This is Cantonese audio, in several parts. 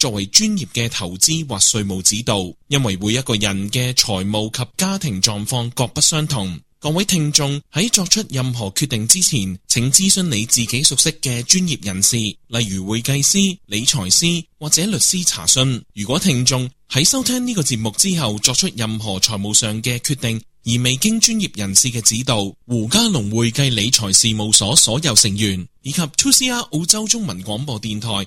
作為專業嘅投資或稅務指導，因為每一個人嘅財務及家庭狀況各不相同。各位聽眾喺作出任何決定之前，請諮詢你自己熟悉嘅專業人士，例如會計師、理財師或者律師查詢。如果聽眾喺收聽呢個節目之後作出任何財務上嘅決定，而未經專業人士嘅指導，胡嘉龍會計理財事務所所有成員以及 2CR 澳洲中文廣播電台。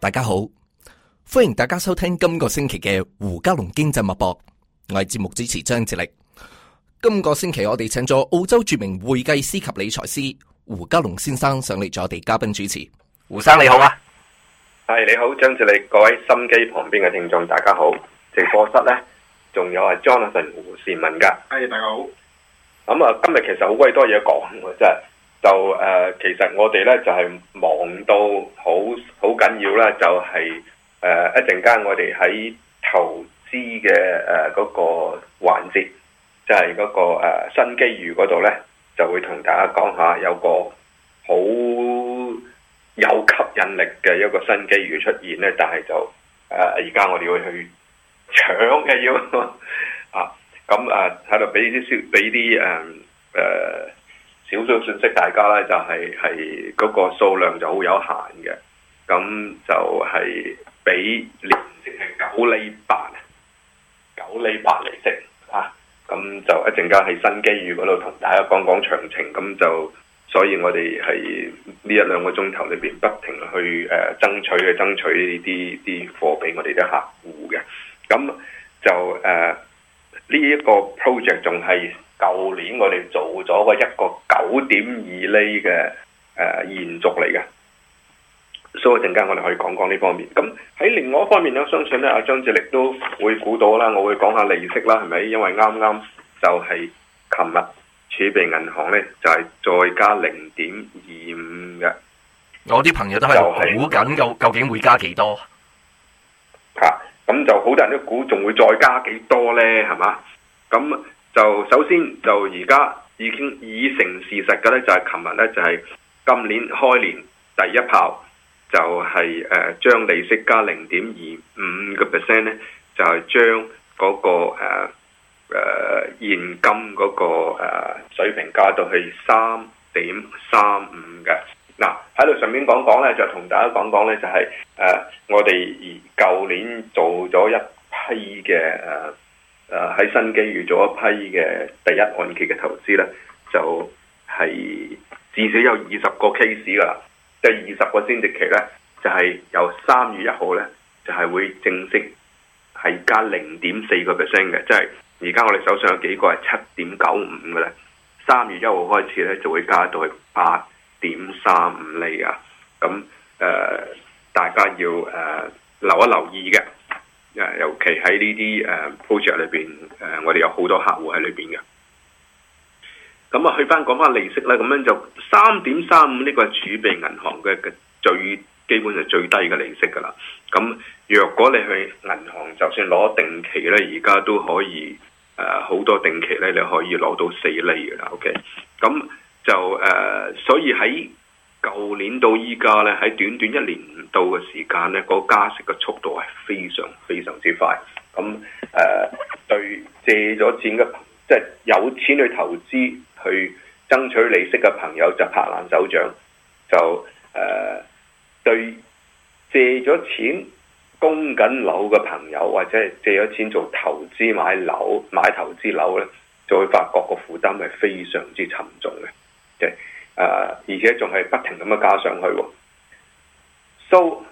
大家好，歡迎大家收聽今個星期嘅胡嘉龍經濟脈搏，我係節目主持張智力。今、這個星期我哋請咗澳洲著名會計師及理財師胡嘉龍先生上嚟做我哋嘉賓主持。胡生，生你好啊，係你好，張智力各位心機旁邊嘅聽眾大家好，直播室呢，仲有係 Jonathan 胡善文噶，係大家好。咁啊今日其實好鬼多嘢講啊真係。就誒、呃，其實我哋咧就係、是、忙到好好緊要啦，就係誒一陣間我哋喺投資嘅誒嗰個環節，即係、是、嗰、那個、呃、新機遇嗰度咧，就會同大家講下有個好有吸引力嘅一個新機遇出現咧，但係就誒而家我哋會去搶嘅樣啊，咁啊喺度俾啲俾啲誒誒。呃少少信息，大家呢就係係嗰個數量就好有限嘅，咁就係俾年息係九厘八，九厘八利息嚇，咁就一陣間喺新機遇嗰度同大家講講詳情，咁就所以我哋係呢一兩個鐘頭裏邊不停去誒、呃、爭取去爭取呢啲啲貨俾我哋啲客戶嘅，咁就誒呢一個 project 仲係。舊年我哋做咗個一個九點二厘嘅，誒、呃、延續嚟嘅，所、so, 以一陣間我哋可以講講呢方面。咁喺另外一方面我相信咧阿張志力都會估到啦。我會講下利息啦，係咪？因為啱啱就係琴日儲備銀行咧就係、是、再加零點二五嘅。我啲朋友都喺度估緊，究究竟會加幾多？吓咁就好、是啊、多人都估，仲會再加幾多咧？係嘛？咁。就首先就而家已經已成事實嘅咧，就係琴日咧就係、是、今年開年第一炮、就是，就係誒將利息加零點二五個 percent 咧，就係、是、將嗰、那個誒誒、呃呃、現金嗰、那個、呃、水平加到去三點三五嘅。嗱喺度上面講講咧，就同大家講講咧，就係、是、誒、呃、我哋舊年做咗一批嘅誒。呃誒喺新機遇做一批嘅第一按揭嘅投資呢，就係、是、至少有二十個 case 啦，即係二十個先值期呢，就係、是、由三月一號呢，就係、是、會正式係加零點四個 percent 嘅，即係而家我哋手上有幾個係七點九五嘅咧，三月一號開始呢，就會加到係八點三五厘啊，咁誒、呃、大家要誒、呃、留一留意嘅。誒，尤其喺呢啲誒 project 裏邊，誒、uh，我哋有好多客戶喺裏邊嘅。咁、嗯、啊，去翻講翻利息咧，咁樣就三點三五呢個儲備銀行嘅最基本係最低嘅利息噶啦。咁若果你去銀行，就算攞定期咧，而家都可以誒，好、呃、多定期咧，你可以攞到四厘噶啦。OK，咁就誒，uh, 所以喺舊年到依家咧，喺短短一年唔到嘅時間咧，個加息嘅速度係非常非常之快。咁誒、呃，對借咗錢嘅即係有錢去投資去爭取利息嘅朋友就拍爛手掌，就誒、呃、對借咗錢供緊樓嘅朋友或者係借咗錢做投資買樓買投資樓咧，就會發覺個負擔係非常之沉重嘅，即係。誒，而且仲係不停咁樣加上去喎，So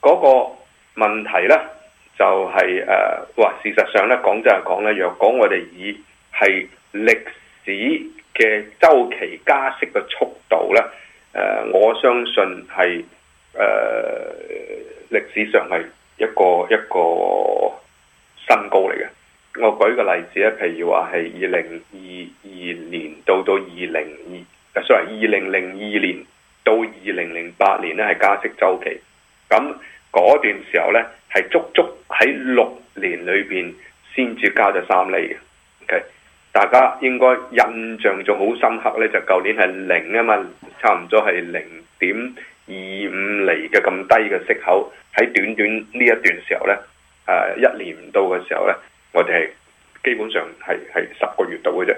嗰個問題呢，就係、是、誒、話、呃、事實上呢，講就係講呢。若果我哋以係歷史嘅週期加息嘅速度呢，誒、呃，我相信係誒歷史上係一個一個新高嚟嘅。我舉個例子咧，譬如話係二零二二年到到二零二。就所謂二零零二年到二零零八年呢係加息周期。咁嗰段時候呢，係足足喺六年裏邊先至加咗三厘。OK，大家應該印象仲好深刻呢，就舊年係零啊嘛，差唔多係零點二五厘嘅咁低嘅息口。喺短短呢一段時候呢，誒，一年唔到嘅時候呢，我哋係基本上係係十個月到嘅啫，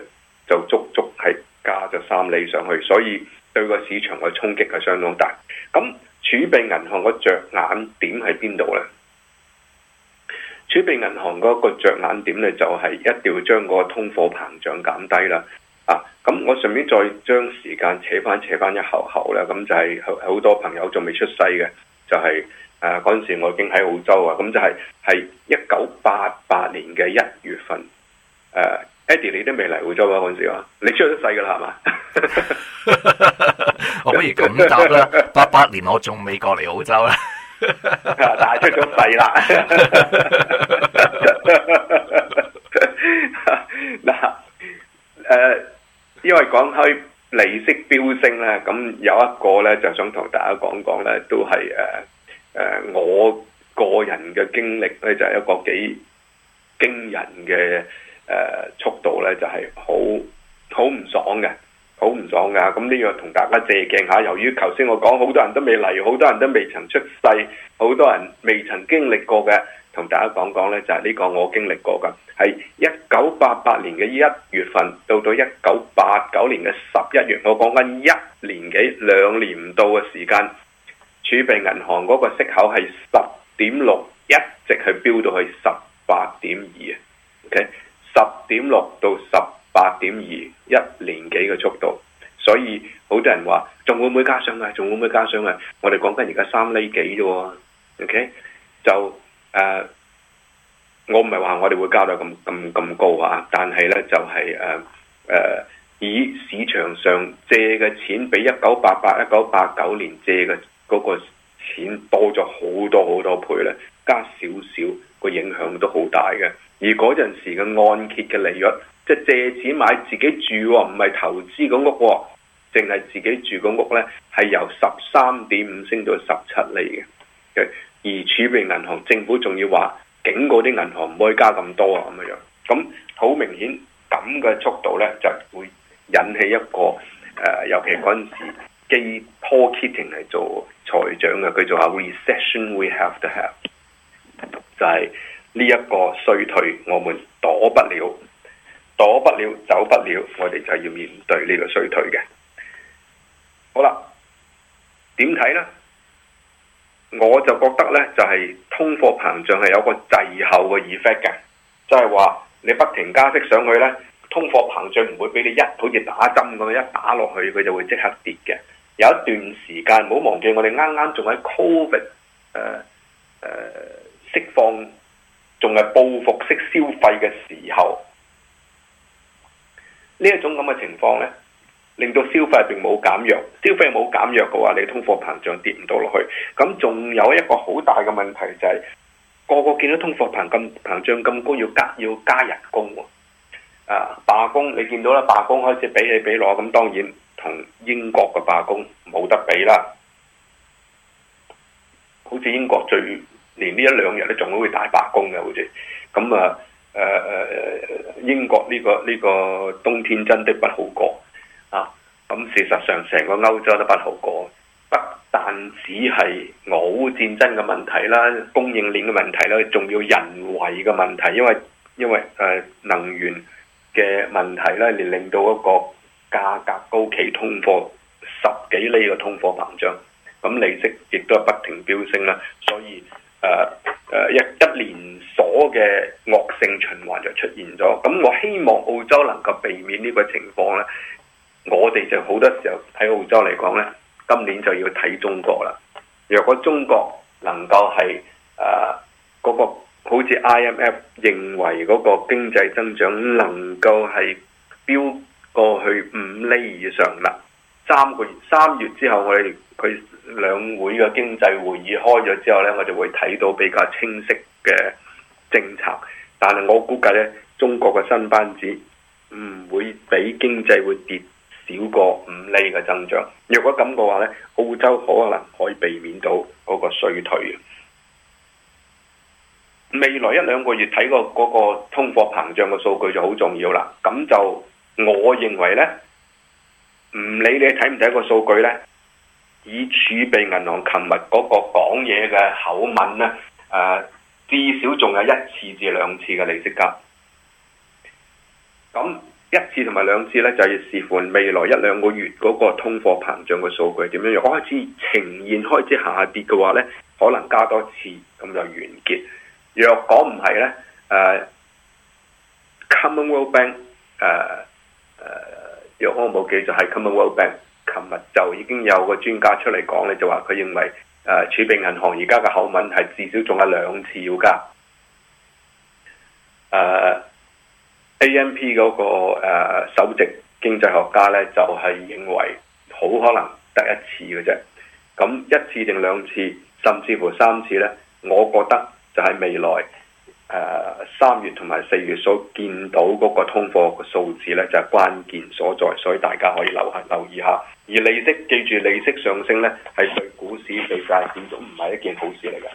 就足足係。加咗三厘上去，所以對個市場嘅衝擊係相當大。咁儲備銀行個着眼點喺邊度呢？儲備銀行個着眼點呢，就係一定要將個通貨膨脹減低啦。啊，咁我順便再將時間扯翻扯翻一後後啦，咁就係好好多朋友仲未出世嘅，就係、是、啊嗰陣時我已經喺澳洲啊，咁就係係一九八八年嘅一月份，誒、啊。Eddy 你都未嚟澳洲啊？嗰陣時啊，你出咗世噶啦，係嘛？ 我不如咁答啦。八八年我仲未過嚟澳洲， 但係出咗世啦。嗱、 啊，誒、呃，因為講開利息飆升咧，咁有一個咧，就想同大家講講咧，都係誒誒，我個人嘅經歷咧，就係一個幾驚人嘅。誒、呃，速度呢就係好好唔爽嘅，好唔爽噶。咁呢樣同大家借鏡下。由於頭先我講，好多人都未嚟，好多人都未曾出世，好多人未曾經歷過嘅，同大家講講呢，就係、是、呢個我經歷過噶。係一九八八年嘅一月份到到一九八九年嘅十一月，我講緊一年幾兩年唔到嘅時間，儲備銀行嗰個息口係十點六，一直係飆到去十八點二啊。OK。十點六到十八點二，一年幾嘅速度，所以好多人話仲會唔會加上啊？仲會唔會加上啊？我哋講緊而家三厘幾啫喎，OK？就誒、呃，我唔係話我哋會加到咁咁咁高啊，但係呢就係誒誒，以市場上借嘅錢比一九八八、一九八九年借嘅嗰個錢多咗好多好多倍咧。加少少個影響都好大嘅，而嗰陣時嘅按揭嘅利率，即係借錢買自己住喎，唔係投資嘅屋喎，淨係自己住嘅屋呢，係由十三點五升到十七厘嘅。而儲備銀行政府仲要話，警告啲銀行唔可以加咁多啊咁樣。咁好明顯，咁嘅速度呢，就會引起一個誒、呃，尤其嗰陣時 Paul Keating 係做財長嘅，佢做下 recession we have to have。就係呢一個衰退，我們躲不了，躲不了，走不了，我哋就要面對呢個衰退嘅。好啦，點睇呢？我就覺得呢，就係、是、通貨膨脹係有個滯後嘅 effect 嘅，即係話你不停加息上去呢，通貨膨脹唔會俾你一好似打針咁樣一打落去，佢就會即刻跌嘅。有一段時間，唔好忘記我哋啱啱仲喺 COVID，、呃呃釋放仲係報復式消費嘅時候，呢一種咁嘅情況呢，令到消費並冇減弱。消費冇減弱嘅話，你通貨膨脹跌唔到落去。咁仲有一個好大嘅問題就係，個個見到通貨膨脹膨脹咁高，要加要加人工喎。啊，罷工你見到啦，罷工開始比起比攞，咁當然同英國嘅罷工冇得比啦。好似英國最連呢一兩日咧，仲會大罷工嘅，好似咁啊！誒誒、呃，英國呢、這個呢、這個冬天真的不好過啊！咁、嗯、事實上，成個歐洲都不好過，不但只係俄烏戰爭嘅問題啦，供應鏈嘅問題啦，仲要人為嘅問題，因為因為誒、呃、能源嘅問題咧，而令到一個價格高企，通貨十幾厘嘅通貨膨脹，咁利息亦都不停飆升啦，所以。誒誒，一、uh, uh, 一連鎖嘅惡性循環就出現咗。咁我希望澳洲能夠避免呢個情況呢，我哋就好多時候喺澳洲嚟講呢，今年就要睇中國啦。若果中國能夠係誒嗰個好似 IMF 認為嗰個經濟增長能夠係飆過去五厘以上啦，三個月三月之後我哋佢。兩會嘅經濟會議開咗之後呢，我就會睇到比較清晰嘅政策。但係我估計呢，中國嘅新班子唔會比經濟會跌少過五厘嘅增長。若果咁嘅話呢，澳洲可能可以避免到嗰個衰退。未來一兩個月睇個嗰個通貨膨脹嘅數據就好重要啦。咁就我認為呢，唔理你睇唔睇個數據呢。以儲備銀行琴日嗰個講嘢嘅口吻呢，誒、啊、至少仲有一次至兩次嘅利息率。咁一次同埋兩次呢，就要、是、視乎未來一兩個月嗰個通貨膨脹嘅數據點樣樣，開始呈現開始下跌嘅話呢，可能加多次，咁就完結。若果唔係呢，誒、啊、Commonwealth Bank 誒、啊、誒、啊，若我冇記錯係、就是、Commonwealth Bank。琴日就已經有個專家出嚟講咧，就話佢認為誒儲備銀行而家嘅口吻係至少仲有兩次要加。誒、呃、AMP 嗰、那個、呃、首席經濟學家咧，就係、是、認為好可能得一次嘅啫。咁一次定兩次，甚至乎三次咧，我覺得就係未來。誒，三月同埋四月所見到嗰個通貨個數字呢，就係關鍵所在，所以大家可以留下留意下。而利息記住，利息上升呢，係對股市、對債券都唔係一件好事嚟嘅。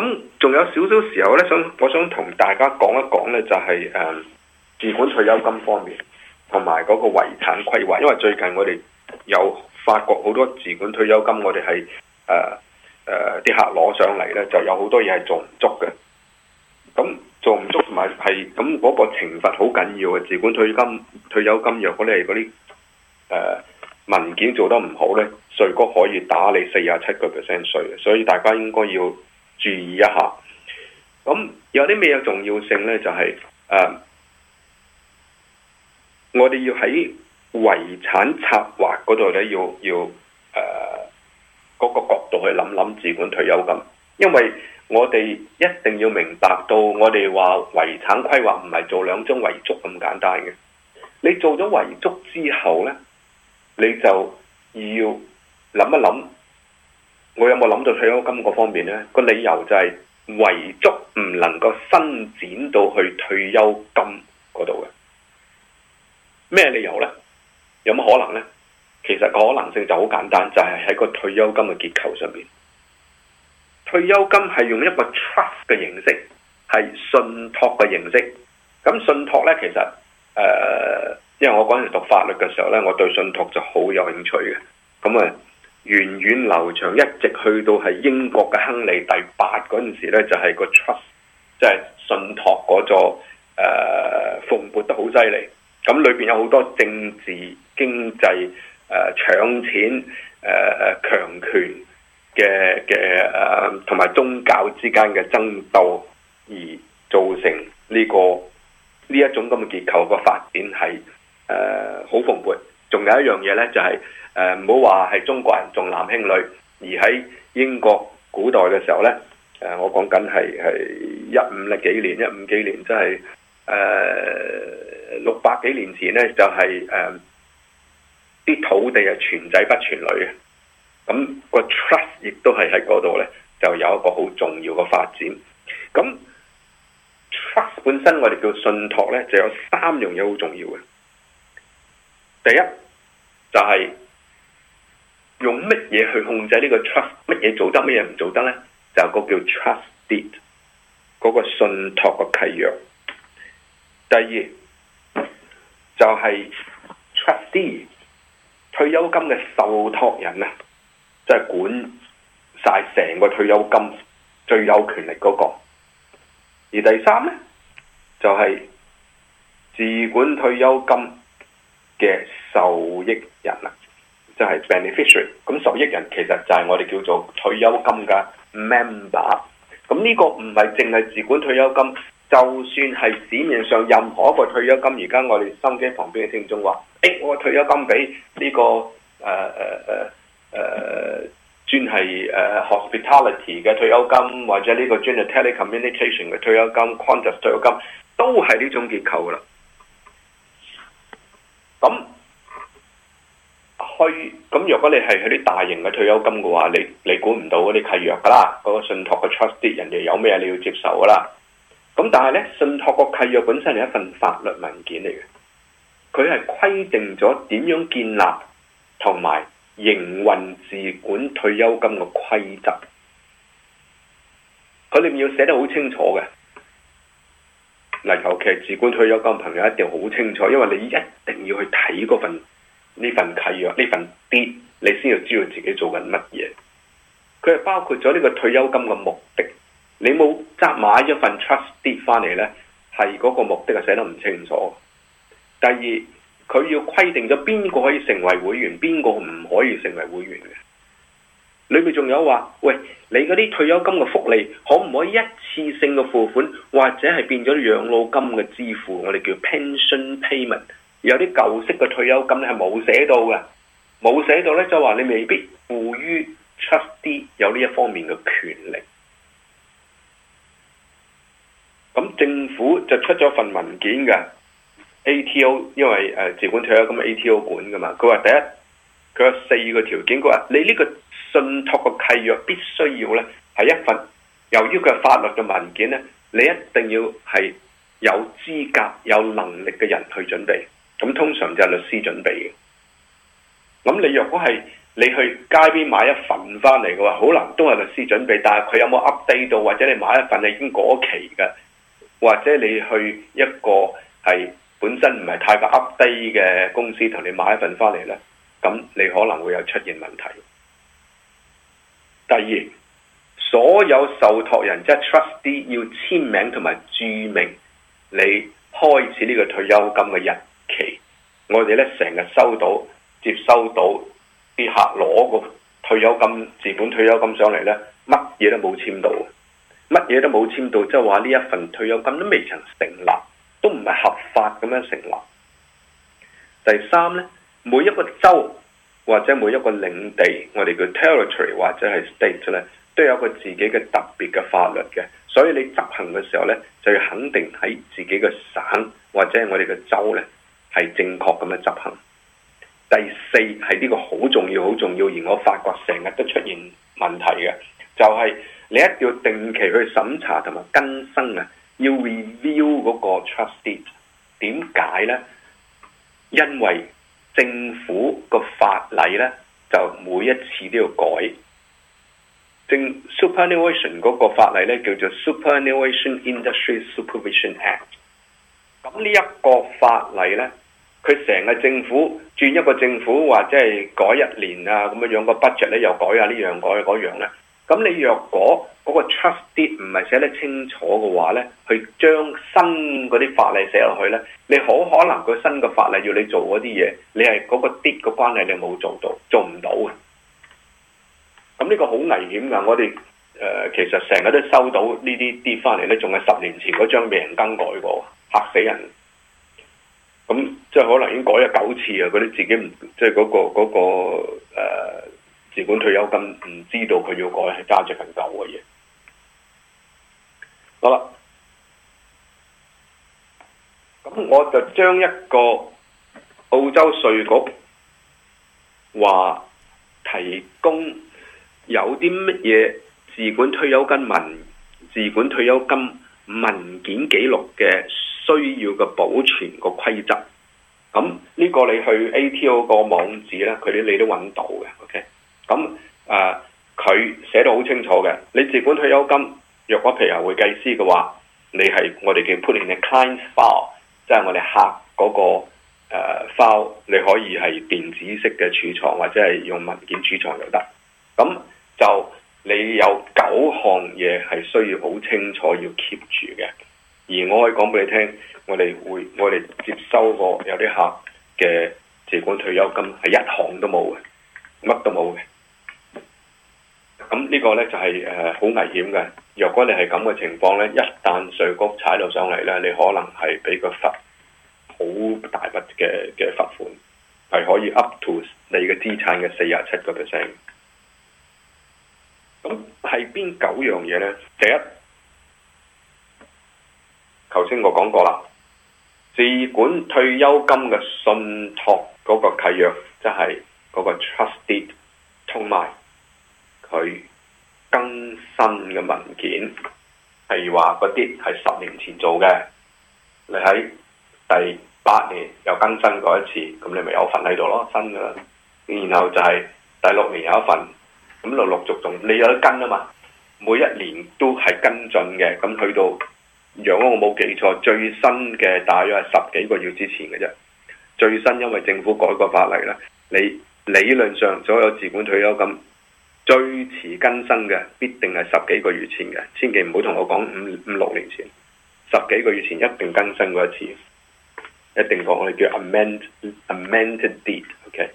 咁仲有少少時候呢，想我想同大家講一講呢，就係誒自管退休金方面同埋嗰個遺產規劃，因為最近我哋有發覺好多自管退休金我，我哋係誒。誒、啲、呃、客攞上嚟咧，就有好多嘢係做唔足嘅。咁、嗯、做唔足同埋係咁嗰個懲罰好緊要嘅。自管退金、退休金若果咧，嗰啲誒文件做得唔好咧，稅局可以打你四十七個 percent 稅。所以大家應該要注意一下。咁有啲咩嘢重要性咧？就係、是、誒、呃，我哋要喺遺產策劃嗰度咧，要要誒嗰個去諗諗自管退休金，因為我哋一定要明白到，我哋話遺產規劃唔係做兩張遺囑咁簡單嘅。你做咗遺囑之後呢，你就要諗一諗，我有冇諗到退休金嗰方面呢？個理由就係遺囑唔能夠伸展到去退休金嗰度嘅。咩理由呢？有乜可能呢？其實個可能性就好簡單，就係、是、喺個退休金嘅結構上面。退休金係用一個 trust 嘅形式，係信託嘅形式。咁信託呢，其實誒、呃，因為我嗰陣讀法律嘅時候呢，我對信託就好有興趣嘅。咁啊，源遠，遠流長，一直去到係英國嘅亨利第八嗰陣時呢，就係、是、個 trust 即係信託嗰座誒，蓬、呃、勃得好犀利。咁裏邊有好多政治經濟。誒，搶、呃、錢誒，強、呃、權嘅嘅誒，同、呃、埋宗教之間嘅爭鬥而造成呢、這個呢一種咁嘅結構個發展係誒好蓬勃。仲有一樣嘢咧，就係誒唔好話係中國人重男輕女，而喺英國古代嘅時候咧，誒、呃、我講緊係係一五零幾年一五幾年，即係誒六百幾年前咧、就是，就係誒。啲土地係全仔不全女嘅，咁、那個 trust 亦都係喺嗰度咧，就有一個好重要嘅發展。咁 trust 本身我哋叫信託咧，就有三樣嘢好重要嘅。第一就係、是、用乜嘢去控制呢個 trust？乜嘢做得，乜嘢唔做得咧？就有個叫 trust deed 嗰個信託嘅契約。第二就係、是、trust deed 退休金嘅受託人啊，即係管晒成個退休金最有權力嗰個。而第三呢，就係自管退休金嘅受益人啦，即係 beneficiary。咁受益人其實就係我哋叫做退休金嘅 member。咁呢個唔係淨係自管退休金。就算係市面上任何一個退休金，而家我哋心機旁邊嘅聽眾話：，誒、欸，我退休金俾呢、這個誒誒誒誒，專係誒、呃、hospitality 嘅退休金，或者呢個 telecommunication 嘅退休金、Qantas 退休金，都係呢種結構噶啦。咁去咁，若果你係嗰啲大型嘅退休金嘅話，你你管唔到嗰啲契約噶啦，嗰、那個信託嘅 trustee 人哋有咩你要接受噶啦。咁但係咧，信託個契約本身係一份法律文件嚟嘅，佢係規定咗點樣建立同埋營運自管退休金嘅規則。佢裏面要寫得好清楚嘅，嗱，尤其係自管退休金朋友一定好清楚，因為你一定要去睇嗰份呢份契約呢份啲，你先要知道自己做緊乜嘢。佢係包括咗呢個退休金嘅目的。你冇執買咗份 trust deed 翻嚟呢，係嗰個目的係寫得唔清楚。第二，佢要規定咗邊個可以成為會員，邊個唔可以成為會員嘅。裏面仲有話，喂，你嗰啲退休金嘅福利可唔可以一次性嘅付款，或者係變咗養老金嘅支付？我哋叫 pension payment。有啲舊式嘅退休金咧，係冇寫到嘅，冇寫到呢就話你未必賦予 trust deed 有呢一方面嘅權利。咁政府就出咗份文件嘅 A T O，因為誒、呃、自管退休，咁 A T O 管，噶嘛，佢話第一，佢有四個條件，佢話你呢個信託嘅契約必須要咧，係一份由於佢係法律嘅文件咧，你一定要係有資格有能力嘅人去準備，咁通常就係律師準備嘅。咁你若果係你去街邊買一份翻嚟嘅話，可能都係律師準備，但係佢有冇 update 到，或者你買一份係已經過期嘅？或者你去一個係本身唔係太過 update 嘅公司同你買一份翻嚟呢，咁你可能會有出現問題。第二，所有受託人即係、就是、trustee 要簽名同埋注明你開始呢個退休金嘅日期。我哋呢成日收到接收到啲客攞個退休金、自本退休金上嚟呢，乜嘢都冇簽到。乜嘢都冇簽到，即係話呢一份退休金都未曾成立，都唔係合法咁樣成立。第三呢，每一個州或者每一個領地，我哋叫 territory 或者係 state 呢，都有個自己嘅特別嘅法律嘅，所以你執行嘅時候呢，就要肯定喺自己嘅省或者係我哋嘅州呢係正確咁樣執行。第四係呢個好重要、好重要，而我發覺成日都出現問題嘅，就係。你一定要定期去審查同埋更新啊！要 review 嗰個 trust deed 點解呢？因為政府個法例呢，就每一次都要改。政 superannuation 嗰個法例呢，叫做 superannuation industry supervision act。咁呢一個法例呢，佢成個政府轉一個政府，或者係改一年啊咁樣樣個 budget 咧，又改下、啊、呢樣改嗰、啊、樣咧。咁你若果嗰個 trust 啲唔係寫得清楚嘅話呢，去將新嗰啲法例寫落去呢，你好可能佢新嘅法例要你做嗰啲嘢，你 deed 係嗰個啲個關例你冇做到，做唔到嘅。咁呢個好危險㗎，我哋誒、呃、其實成日都收到呢啲跌翻嚟，呢仲係十年前嗰張未人更改過，嚇死人！咁即係可能已經改咗九次啊，嗰啲自己唔即係嗰、那個嗰、那個呃自管退休金唔知道佢要改，係揸住份舊嘅嘢。好啦，咁我就將一個澳洲稅局話提供有啲乜嘢自管退休金文自管退休金文件記錄嘅需要嘅保存個規則。咁呢個你去 ATO 個網址咧，佢啲你都揾到嘅。OK。咁誒，佢、呃、寫得好清楚嘅。你自管退休金，若果譬如係會計師嘅話，你係我哋嘅 Putting the client file，即係我哋客嗰、那個、呃、file，你可以係電子式嘅儲藏，或者係用文件儲藏就得。咁就你有九項嘢係需要好清楚要 keep 住嘅。而我可以講俾你聽，我哋會我哋接收過有啲客嘅自管退休金係一項都冇嘅，乜都冇嘅。咁呢個咧就係誒好危險嘅。若果你係咁嘅情況咧，一旦稅局踩到上嚟咧，你可能係俾個罰好大筆嘅嘅罰款，係可以 up to 你嘅資產嘅四十七個 percent。咁係邊九樣嘢咧？第一，頭先我講過啦，自管退休金嘅信託嗰個契約，即係嗰個 trusted 同埋。佢更新嘅文件，譬如話嗰啲係十年前做嘅，你喺第八年又更新過一次，咁你咪有份喺度咯，新嘅啦。然後就係第六年有一份，咁就陸續仲你有得跟啊嘛，每一年都係跟進嘅。咁去到如果我冇記錯，最新嘅大約係十幾個月之前嘅啫。最新因為政府改過法例咧，你理論上所有自管退休金。最遲更新嘅必定係十幾個月前嘅，千祈唔好同我講五五六年前，十幾個月前一定更新過一次，一定講我哋叫 amend amended deed, okay?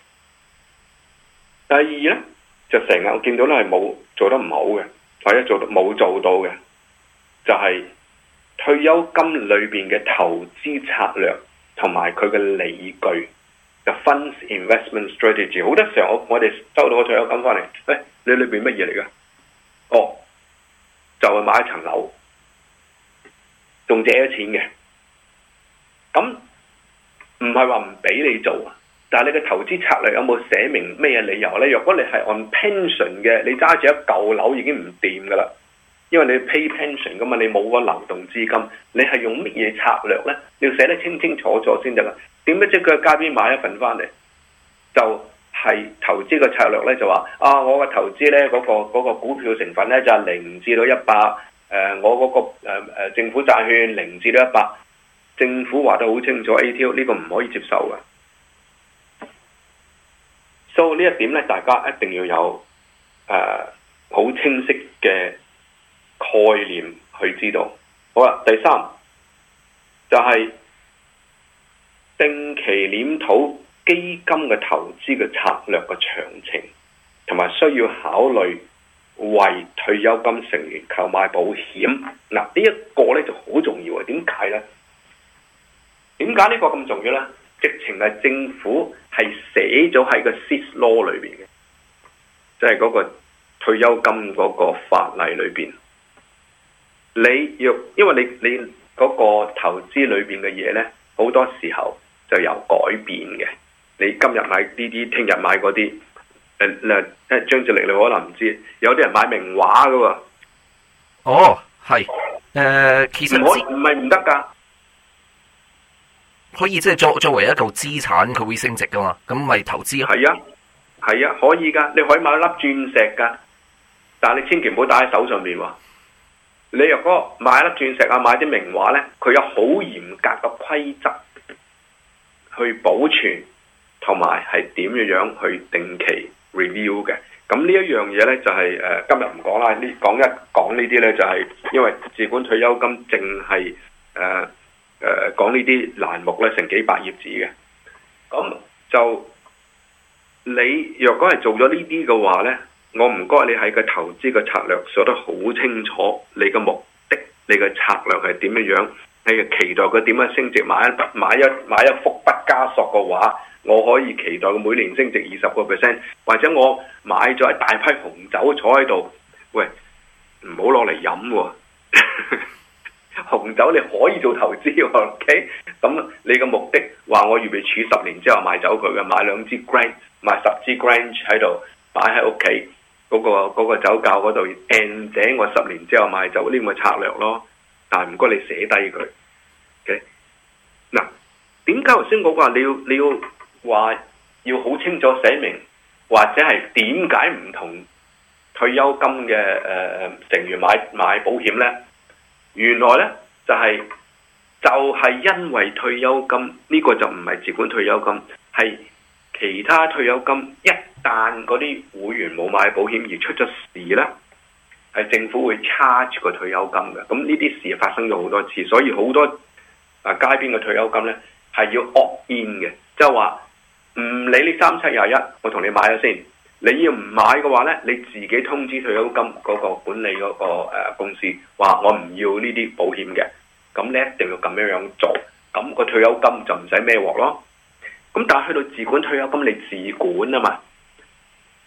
第二呢，就成日我見到咧係冇做得唔好嘅，或者做得冇做到嘅，就係退休金裏邊嘅投資策略同埋佢嘅理據。funds investment strategy，好多時候我我哋收到個退休金翻嚟，誒、哎，你裏邊乜嘢嚟噶？哦，就係買一層樓，仲借咗錢嘅。咁唔係話唔俾你做啊，但係你嘅投資策略有冇寫明咩理由咧？若果你係按 pension 嘅，你揸住一舊樓已經唔掂噶啦，因為你 pay pension 噶嘛，你冇個流動資金，你係用乜嘢策略咧？你要寫得清清楚楚先得啦。點乜即佢喺街邊買一份翻嚟，就係、是、投資嘅策略呢，就話啊，我嘅投資呢，嗰、那個、那個股票成分呢，就係、是、零至到一百。誒，我嗰個誒政府債券零至到一百。政府話得好清楚，ATO 呢個唔可以接受嘅。所以呢一點呢，大家一定要有誒好、呃、清晰嘅概念去知道。好啦，第三就係、是。定期檢討基金，嘅投資嘅策略嘅詳情，同埋需要考慮為退休金成員購買保險。嗱，呢、這、一個咧就好重要啊！點解呢？點解呢個咁重要呢？直情係政府係寫咗喺個 SIS Law 裏邊嘅，即係嗰個退休金嗰個法例裏邊。你若因為你你嗰個投資裏邊嘅嘢呢，好多時候。就有改變嘅，你今日買呢啲，聽日買嗰啲。誒，誒，張志力你可能唔知，有啲人買名畫噶。哦，係，誒、呃，其實唔係唔得噶，可以即係作作為一套資產，佢會升值噶嘛。咁咪投資係啊，係啊，可以噶。你可以買一粒鑽石噶，但係你千祈唔好戴喺手上邊喎。你若果買一粒鑽石啊，買啲名畫咧，佢有好嚴格嘅規則。去保存同埋係點嘅樣去定期 review 嘅，咁呢一樣嘢呢，就係、是、誒、呃、今日唔講啦，呢講一講呢啲呢，就係、是、因為自管退休金淨係誒誒講呢啲欄目呢成幾百頁紙嘅。咁就你若果係做咗呢啲嘅話呢，我唔該你喺個投資嘅策略寫得好清楚，你嘅目的、你嘅策略係點嘅樣。期待佢點樣升值？買一筆、買一買一幅畢加索嘅畫，我可以期待佢每年升值二十個 percent，或者我買咗一大批紅酒坐喺度，喂，唔好攞嚟飲喎、啊。 紅酒你可以做投資喎，OK？咁你嘅目的話，我預備儲十年之後賣走佢嘅，買兩支 grange，買十支 grange 喺度擺喺屋企，嗰、嗰個嗰個酒窖嗰度 and then 我十年之後賣走呢個策略咯。但唔該你寫低佢。嗱，點解頭先我話你要你要話要好清楚寫明，或者係點解唔同退休金嘅誒、呃、成員買買保險咧？原來咧就係、是、就係、是、因為退休金呢、這個就唔係只管退休金，係其他退休金一旦嗰啲會員冇買保險而出咗事咧，係政府會差住個退休金嘅。咁呢啲事發生咗好多次，所以好多。啊街邊嘅退休金呢係要 opt in 嘅，即係話唔理你三七廿一，我同你買咗先。你要唔買嘅話呢，你自己通知退休金嗰個管理嗰個誒公司，話我唔要呢啲保險嘅。咁你一定要咁樣樣做，咁、個退休金就唔使孭鑊咯。咁但係去到自管退休金，你自管啊嘛。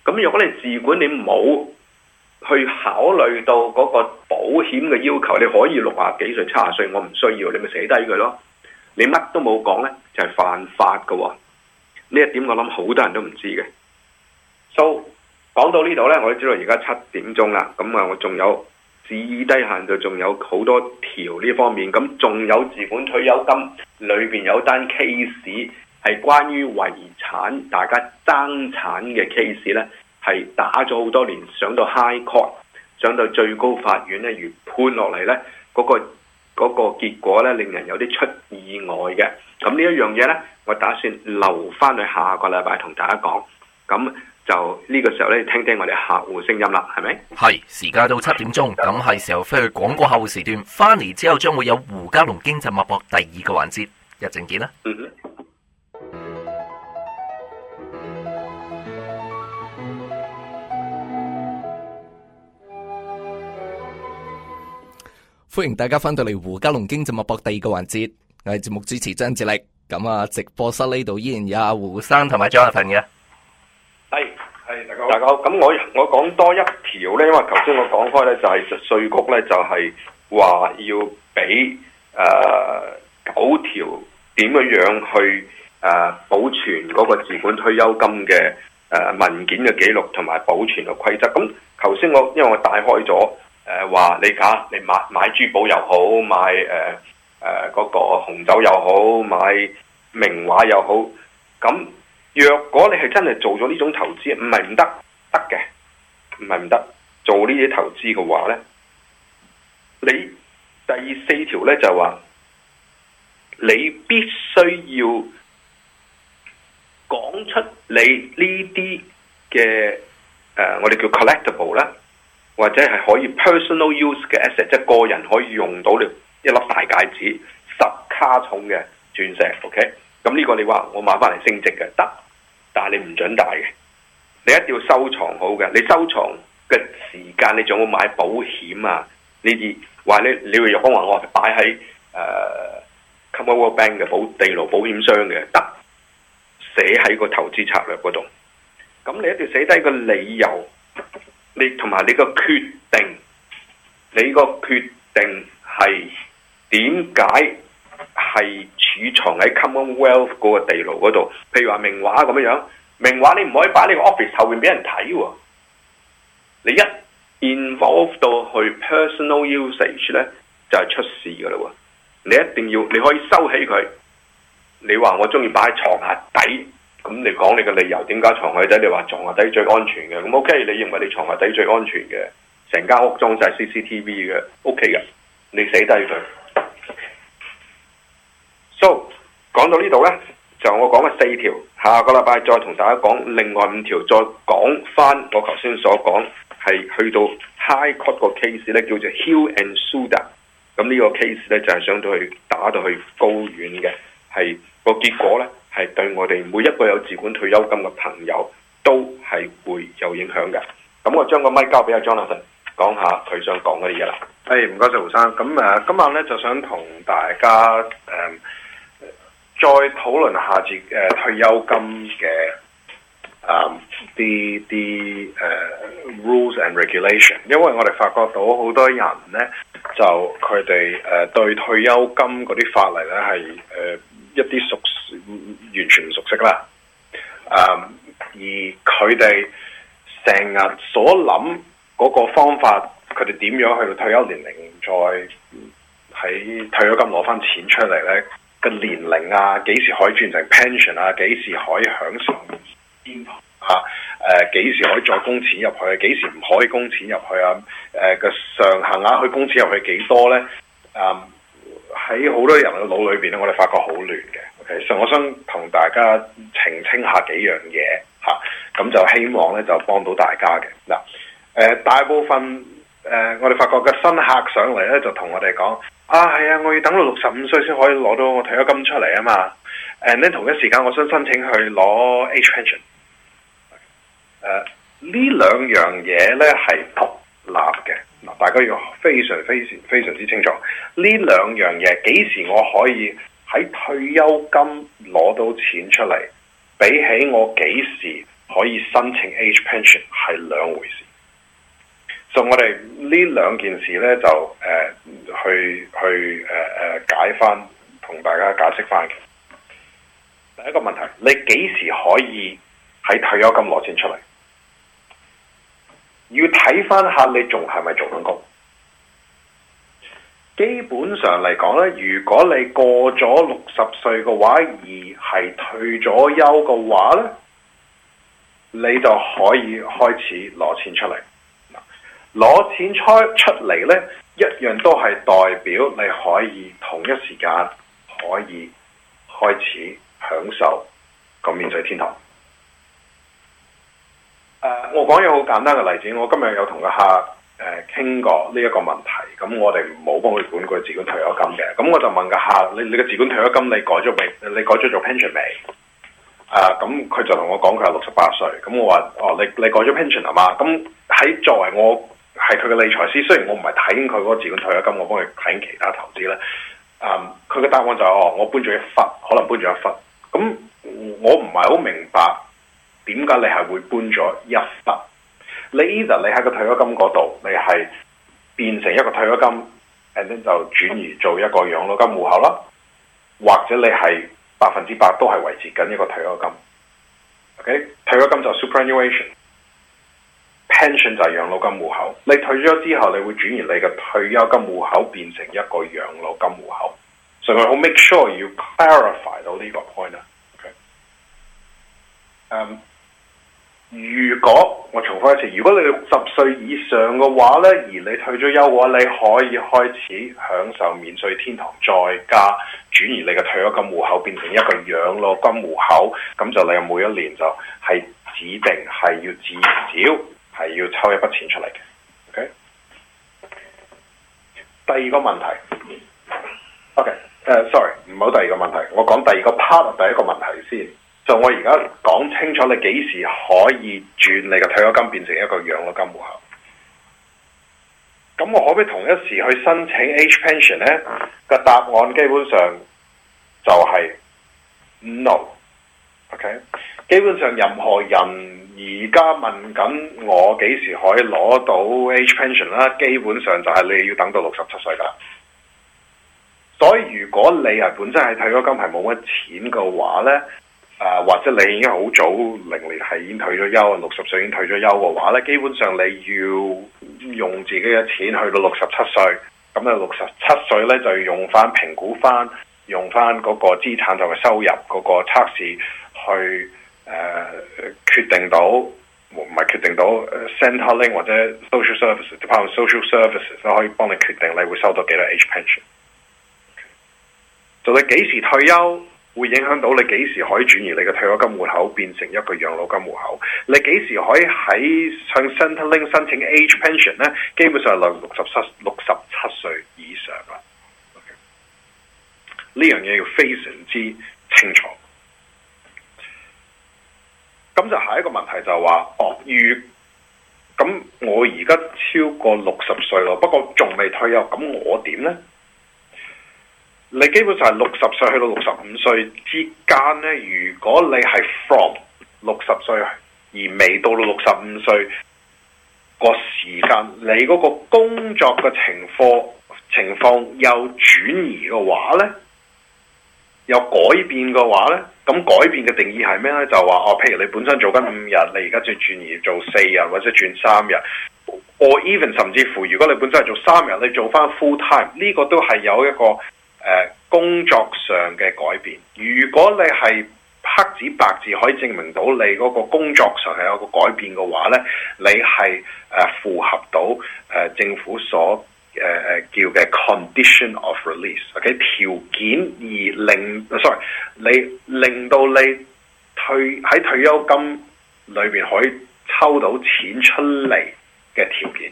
咁如果你自管你，你冇。去考慮到嗰個保險嘅要求，你可以六啊幾歲、七啊歲，我唔需要，你咪寫低佢咯。你乜都冇講呢，就係、是、犯法嘅、哦。呢一點我諗好多人都唔知嘅。So，講到呢度呢，我都知道而家七點鐘啦。咁啊，我仲有至低限度，仲有好多條呢方面。咁仲有自管退休金裏邊有單 case 係關於遺產大家爭產嘅 case 呢。係打咗好多年，上到 High Court，上到最高法院呢，如判落嚟呢，嗰個嗰個結果呢令人有啲出意外嘅。咁呢一樣嘢呢，我打算留翻去下個禮拜同大家講。咁就呢個時候呢，聽聽我哋客戶聲音啦，係咪？係時間到七點鐘，咁係時候飛去廣告客戶時段。翻嚟之後，將會有胡家龍經濟脈搏第二個環節，一陣見啦。嗯哼、mm。Hmm. 歡迎大家翻到嚟《胡嘉龍經濟脈搏》第二個環節，我係節目主持張志力。咁啊，直播室呢度依然有阿胡生同埋張阿騰嘅。係係，大家好。大家好咁，我我講多一條咧，因為頭先我講開咧就係稅局咧就係話要俾誒九條點樣樣去誒保存嗰個自管退休金嘅誒文件嘅記錄同埋保存嘅規則。咁頭先我因為我帶開咗。誒，話你講，你買買珠寶又好，買誒誒嗰個紅酒又好，買名畫又好，咁若果你係真係做咗呢種投資，唔係唔得，得嘅，唔係唔得，做呢啲投資嘅話咧，你第四條咧就係話，你必須要講出你呢啲嘅，誒，我哋叫 collectible 啦。或者係可以 personal use 嘅 asset，即係個人可以用到嘅一粒大戒指，十卡重嘅鑽石。OK，咁呢個你話我買翻嚟升值嘅得，但係你唔准戴嘅，你一定要收藏好嘅。你收藏嘅時間，你仲要買保險啊？呢啲話你你又可能我擺喺誒 Commonwealth Bank 嘅保地牢保險箱嘅得，寫喺個投資策略嗰度。咁你一定要寫低個理由。你同埋你個決定，你個決定係點解係儲藏喺 Commonwealth 嗰個地牢嗰度？譬如話名畫咁樣樣，名畫你唔可以擺喺你個 office 後邊俾人睇喎。你一 involve 到去 personal usage 咧，就係出事噶啦。你一定要，你可以收起佢。你話我中意擺喺床下底。咁你講你個理由點解床下底？你話床下底最安全嘅，咁 OK？你認為你床下底最安全嘅，成間屋裝晒 CCTV 嘅，OK 嘅，你死低佢。So 講到呢度呢，就我講咗四條，下個禮拜再同大家講另外五條，再講翻我頭先所講係去到 High Court 個 case 呢，叫做 Hill and Suda。咁呢個 case 呢，就係、是、想對打到去高院嘅，係、那個結果呢。係對我哋每一個有自管退休金嘅朋友，都係會有影響嘅。咁我將個咪交俾阿 Jonathan，講下佢想講嗰啲嘢啦。誒、hey,，唔該晒胡生。咁誒、呃，今晚咧就想同大家誒、呃、再討論下自誒、呃、退休金嘅啊啲啲誒 rules and regulation，因為我哋發覺到好多人咧就佢哋誒對退休金嗰啲法例咧係誒。一啲熟完全唔熟悉啦，誒、um,，而佢哋成日所諗嗰個方法，佢哋點樣去到退休年齡再喺退休金攞翻錢出嚟呢？個、那個、年齡啊，幾時可以轉成 pension 啊？幾時可以享受啊？啊誒，幾時可以再供錢入去？幾時唔可以供錢入去啊？誒個上限額去供、啊呃、錢入去幾、啊呃啊呃啊呃、多呢？誒、um,。喺好多人嘅腦裏邊咧，我哋發覺好亂嘅。OK，所、so, 我想同大家澄清下幾樣嘢吓，咁、啊、就希望咧就幫到大家嘅。嗱、啊，誒、呃，大部分誒、呃，我哋發覺嘅新客上嚟咧，就同我哋講啊，係啊，我要等到六十五歲先可以攞到我退休金出嚟啊嘛。誒、啊，呢同一時間，我想申請去攞 Age Pension。呢、啊、兩樣嘢咧係獨立嘅。嗱，大家要非常非常非常之清楚，呢兩樣嘢幾時我可以喺退休金攞到錢出嚟，比起我幾時可以申請 Age Pension 係兩回事。所以，我哋呢兩件事呢，就誒、呃，去去誒誒、呃、解翻同大家解釋翻嘅。第一個問題，你幾時可以喺退休金攞錢出嚟？要睇翻下你仲係咪做緊工？基本上嚟講呢，如果你過咗六十歲嘅話，而係退咗休嘅話呢，你就可以開始攞錢出嚟。攞錢出嚟呢，一樣都係代表你可以同一時間可以開始享受個免稅天堂。誒，uh, 我講嘢好簡單嘅例子，我今日有同個客誒傾、呃、過呢一個問題，咁我哋唔好幫佢管佢自管退休金嘅，咁我就問個客，你你個自管退休金你改咗未？你改咗做 pension 未？啊、uh, 嗯，咁佢就同我講佢係六十八歲，咁、嗯、我話哦，你你改咗 pension 係嘛？咁喺作為我係佢嘅理財師，雖然我唔係睇佢嗰個自管退休金，我幫佢睇其他投資咧。啊、嗯，佢嘅答案就係、是、哦，我搬咗一忽，可能搬咗一忽，咁、嗯、我唔係好明白。點解你係會搬咗一筆？Yes, 你 either 你喺個退休金嗰度，你係變成一個退休金，and then 就轉移做一個養老金戶口咯，或者你係百分之百都係維持緊一個退休金。OK，退休金就 superannuation，pension 就係養老金戶口。你退咗之後，你會轉移你嘅退休金戶口變成一個養老金戶口。所以我好 make sure you clarify 到呢個 point 啊。嗯。如果我重複一次，如果你六十歲以上嘅話呢，而你退咗休嘅話，你可以開始享受免稅天堂，再加轉移你嘅退休金戶口變成一個養老金戶口，咁就你每一年就係指定係要至少係要抽一筆錢出嚟嘅。OK，第二個問題，OK，誒，uh，sorry，唔好第二個問題，我講第二個 part，第一個問題先。就我而家講清楚，你幾時可以轉你嘅退休金變成一個養老金戶口？咁我可唔可以同一時去申請 Age Pension 呢？個答案基本上就係 no。OK，基本上任何人而家問緊我幾時可以攞到 Age Pension 啦，基本上就係你要等到六十七歲噶啦。所以如果你係本身係退休金係冇乜錢嘅話呢。啊，或者你已經好早零年係已經退咗休，六十歲已經退咗休嘅話咧，基本上你要用自己嘅錢去到六十七歲，咁咧六十七歲呢，就要、是、用翻評估翻，用翻嗰個資產同埋收入嗰個測試去誒、呃、決定到，唔係決定到。Centrelink 或者 social services，Department of social services 都可以幫你決定，你會收到幾多 Age Pension。到底幾時退休？會影響到你幾時可以轉移你嘅退休金戶口變成一個養老金戶口？你幾時可以喺向 Centrelink 申請 Age Pension 呢？基本上係六十七六十七歲以上啦。呢樣嘢要非常之清楚。咁就下一個問題就，就係話哦，如咁我而家超過六十歲啦，不過仲未退休，咁我點呢？」你基本上係六十歲去到六十五歲之間咧，如果你係 from 六十歲而未到到六十五歲個時間，你嗰個工作嘅情況情況又轉移嘅話呢，有改變嘅話呢，咁改變嘅定義係咩呢？就話哦，譬如你本身做緊五日，你而家就轉移做四日或者轉三日，or even 甚至乎，如果你本身係做三日，你做翻 full time，呢個都係有一個。工作上嘅改變，如果你係黑紙白字可以證明到你嗰個工作上係有個改變嘅話呢你係符合到政府所叫嘅 condition of release，OK、okay? 條件而令，sorry，你令到你退喺退休金裏面可以抽到錢出嚟嘅條件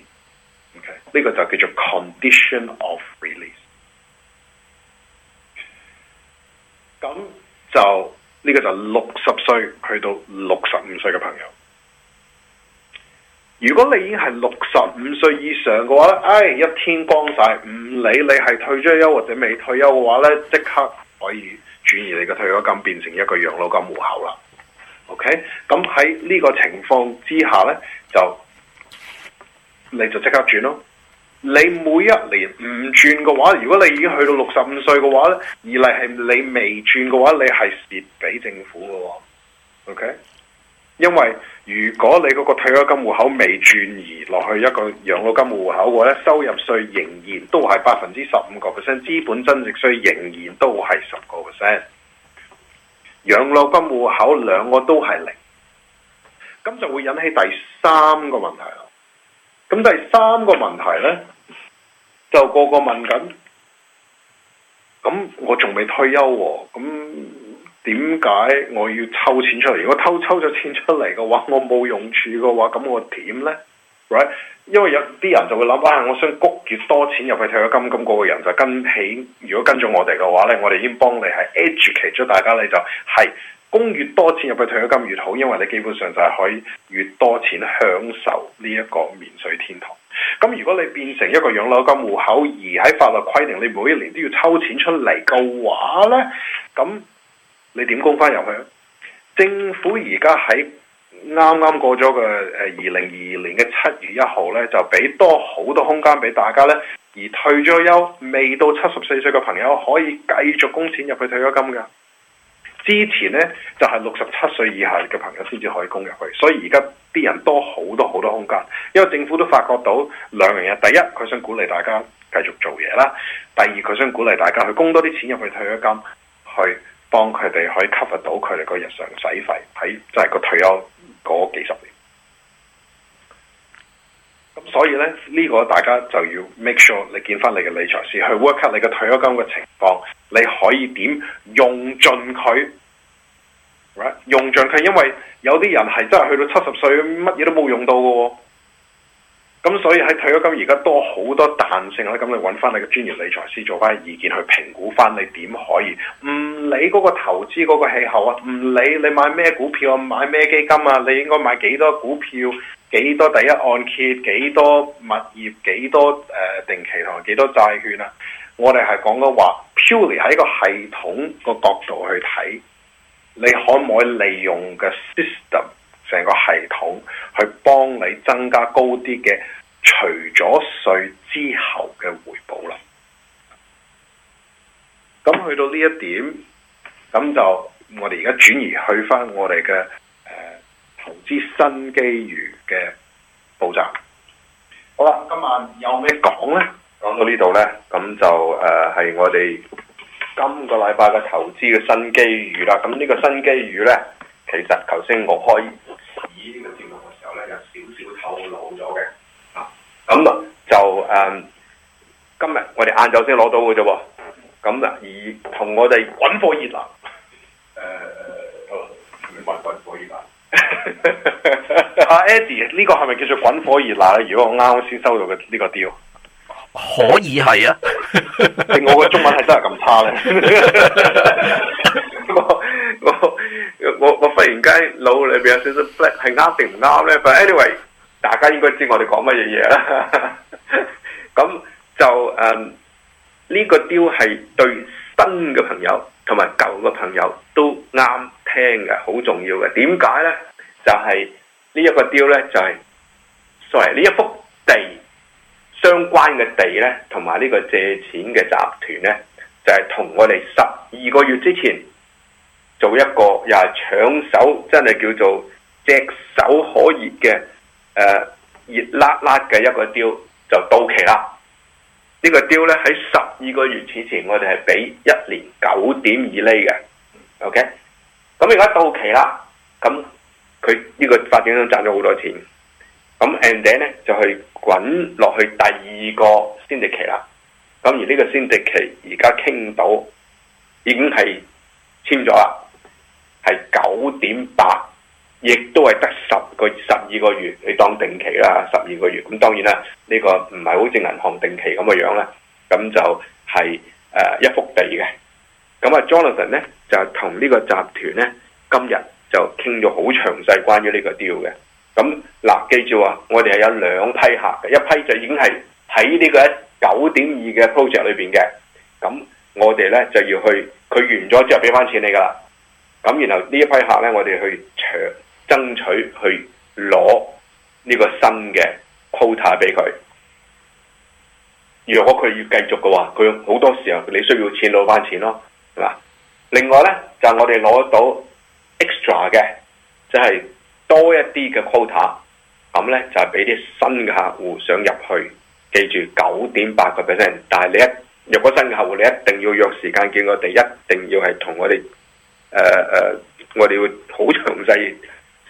，OK 呢個就叫做 condition of release。咁就呢個就六十歲去到六十五歲嘅朋友，如果你已經係六十五歲以上嘅話咧，哎，一天光晒，唔理你係退咗休或者未退休嘅話咧，即刻可以轉移你嘅退休金變成一個養老金戶口啦。OK，咁喺呢個情況之下咧，就你就即刻轉咯。你每一年唔轉嘅話，如果你已經去到六十五歲嘅話咧，二嚟係你未轉嘅話，你係蝕俾政府嘅，OK？因為如果你嗰個退休金戶口未轉移落去一個養老金戶口嘅話咧，收入稅仍然都係百分之十五個 percent，資本增值稅仍然都係十個 percent，養老金戶口兩個都係零，咁就會引起第三個問題啦。咁第三個問題呢，就個個問緊，咁、嗯、我仲未退休喎、啊，咁點解我要抽錢出嚟？如果偷抽咗錢出嚟嘅話，我冇用處嘅話，咁我點呢？Right？因為有啲人就會諗啊，我想谷越多錢入去退休金，咁、那、嗰個人就跟起，如果跟咗我哋嘅話呢，我哋已經幫你係 educate 咗大家，你就係。供越多錢入去退休金越好，因為你基本上就係可以越多錢享受呢一個免稅天堂。咁如果你變成一個養老金戶口，而喺法律規定你每一年都要抽錢出嚟嘅話呢，咁你點供翻入去啊？政府而家喺啱啱過咗嘅誒二零二二年嘅七月一號呢，就俾多好多空間俾大家呢。而退咗休未到七十四歲嘅朋友可以繼續供錢入去退休金噶。之前呢，就係六十七歲以下嘅朋友先至可以供入去，所以而家啲人多好多好多空間，因為政府都發覺到兩樣嘢，第一佢想鼓勵大家繼續做嘢啦，第二佢想鼓勵大家去供多啲錢入去退休金，去幫佢哋可以 cover 到佢哋個日常使費喺就係、是、個退休嗰幾十。所以咧，呢個大家就要 make sure 你見翻你嘅理財師去 work out 你嘅退休金嘅情況，你可以點用盡佢，right？用盡佢，因為有啲人係真係去到七十歲乜嘢都冇用到嘅喎、哦。咁所以喺退休金而家多好多彈性咧，咁你揾翻你嘅專業理財師做翻意見去評估翻你點可以唔理嗰個投資嗰個氣候啊，唔理你買咩股票啊，買咩基金啊，你應該買幾多股票，幾多第一按揭，幾多物業，幾多誒定期同幾多債券啊？我哋係講嘅話，purely 喺個系統個角度去睇，你可唔可以利用嘅 system？成個系統去幫你增加高啲嘅，除咗稅之後嘅回報啦。咁去到呢一點，咁就我哋而家轉移去翻我哋嘅、呃、投資新機遇嘅步驟。好啦，今晚有咩講呢？講到呢度呢，咁就誒係、呃、我哋今個禮拜嘅投資嘅新機遇啦。咁呢個新機遇呢，其實頭先我開。咁啊，就誒，今日我哋晏晝先攞到嘅啫。咁啊，而同我哋滾火熱辣，誒，唔滾火熱辣。阿 Eddie，d 呢個係咪叫做滾火熱辣咧？如果我啱啱先收到嘅呢個 deal，可以係啊。 我個中文係真係咁差咧。 我我我忽然間腦裏邊有少少 black，係啱定唔啱咧？但係 anyway。大家應該知我哋講乜嘢嘢啦，咁就誒呢個 deal 係對新嘅朋友同埋舊嘅朋友都啱聽嘅，好重要嘅。點解呢？就係呢一個 deal 呢、就是，就係所謂呢一幅地相關嘅地呢，同埋呢個借錢嘅集團呢，就係、是、同我哋十二個月之前做一個又係搶手，真係叫做炙手可熱嘅。誒，熱辣辣嘅一個雕就到期啦。這個，呢個雕咧喺十二個月之前，我哋係俾一年九點二厘嘅。OK，咁而家到期啦，咁佢呢個發展商賺咗好多錢。咁 Andy 咧就去滾落去第二個 syndicate 啦。咁而呢個 syndicate 而家傾到已經係簽咗啦，係九點八。亦都係得十個十二個月，你當定期啦，十二個月。咁當然啦，呢、這個唔係好似銀行定期咁嘅樣啦。咁就係、是、誒、呃、一幅地嘅。咁、嗯、啊，Jonathan 呢，就同呢個集團呢，今日就傾咗好詳細關於呢個 deal 嘅。咁、嗯、嗱，記住啊，我哋係有兩批客嘅，一批就已經係喺呢個一九點二嘅 project 裏邊嘅。咁、嗯、我哋呢，就要去，佢完咗之後俾翻錢你噶啦。咁然後呢一批客呢，我哋去搶。去爭取去攞呢個新嘅 quota 俾佢。若果佢要繼續嘅話，佢好多時候你需要錢攞翻錢咯，係嘛？另外呢，就係我哋攞到 extra 嘅，即係多一啲嘅 quota。咁呢，就係俾啲新嘅客戶想入去。記住九點八個 percent。但係你一若果新嘅客戶，你一定要約時間見我哋，一定要係同我哋誒誒，我哋會好詳細。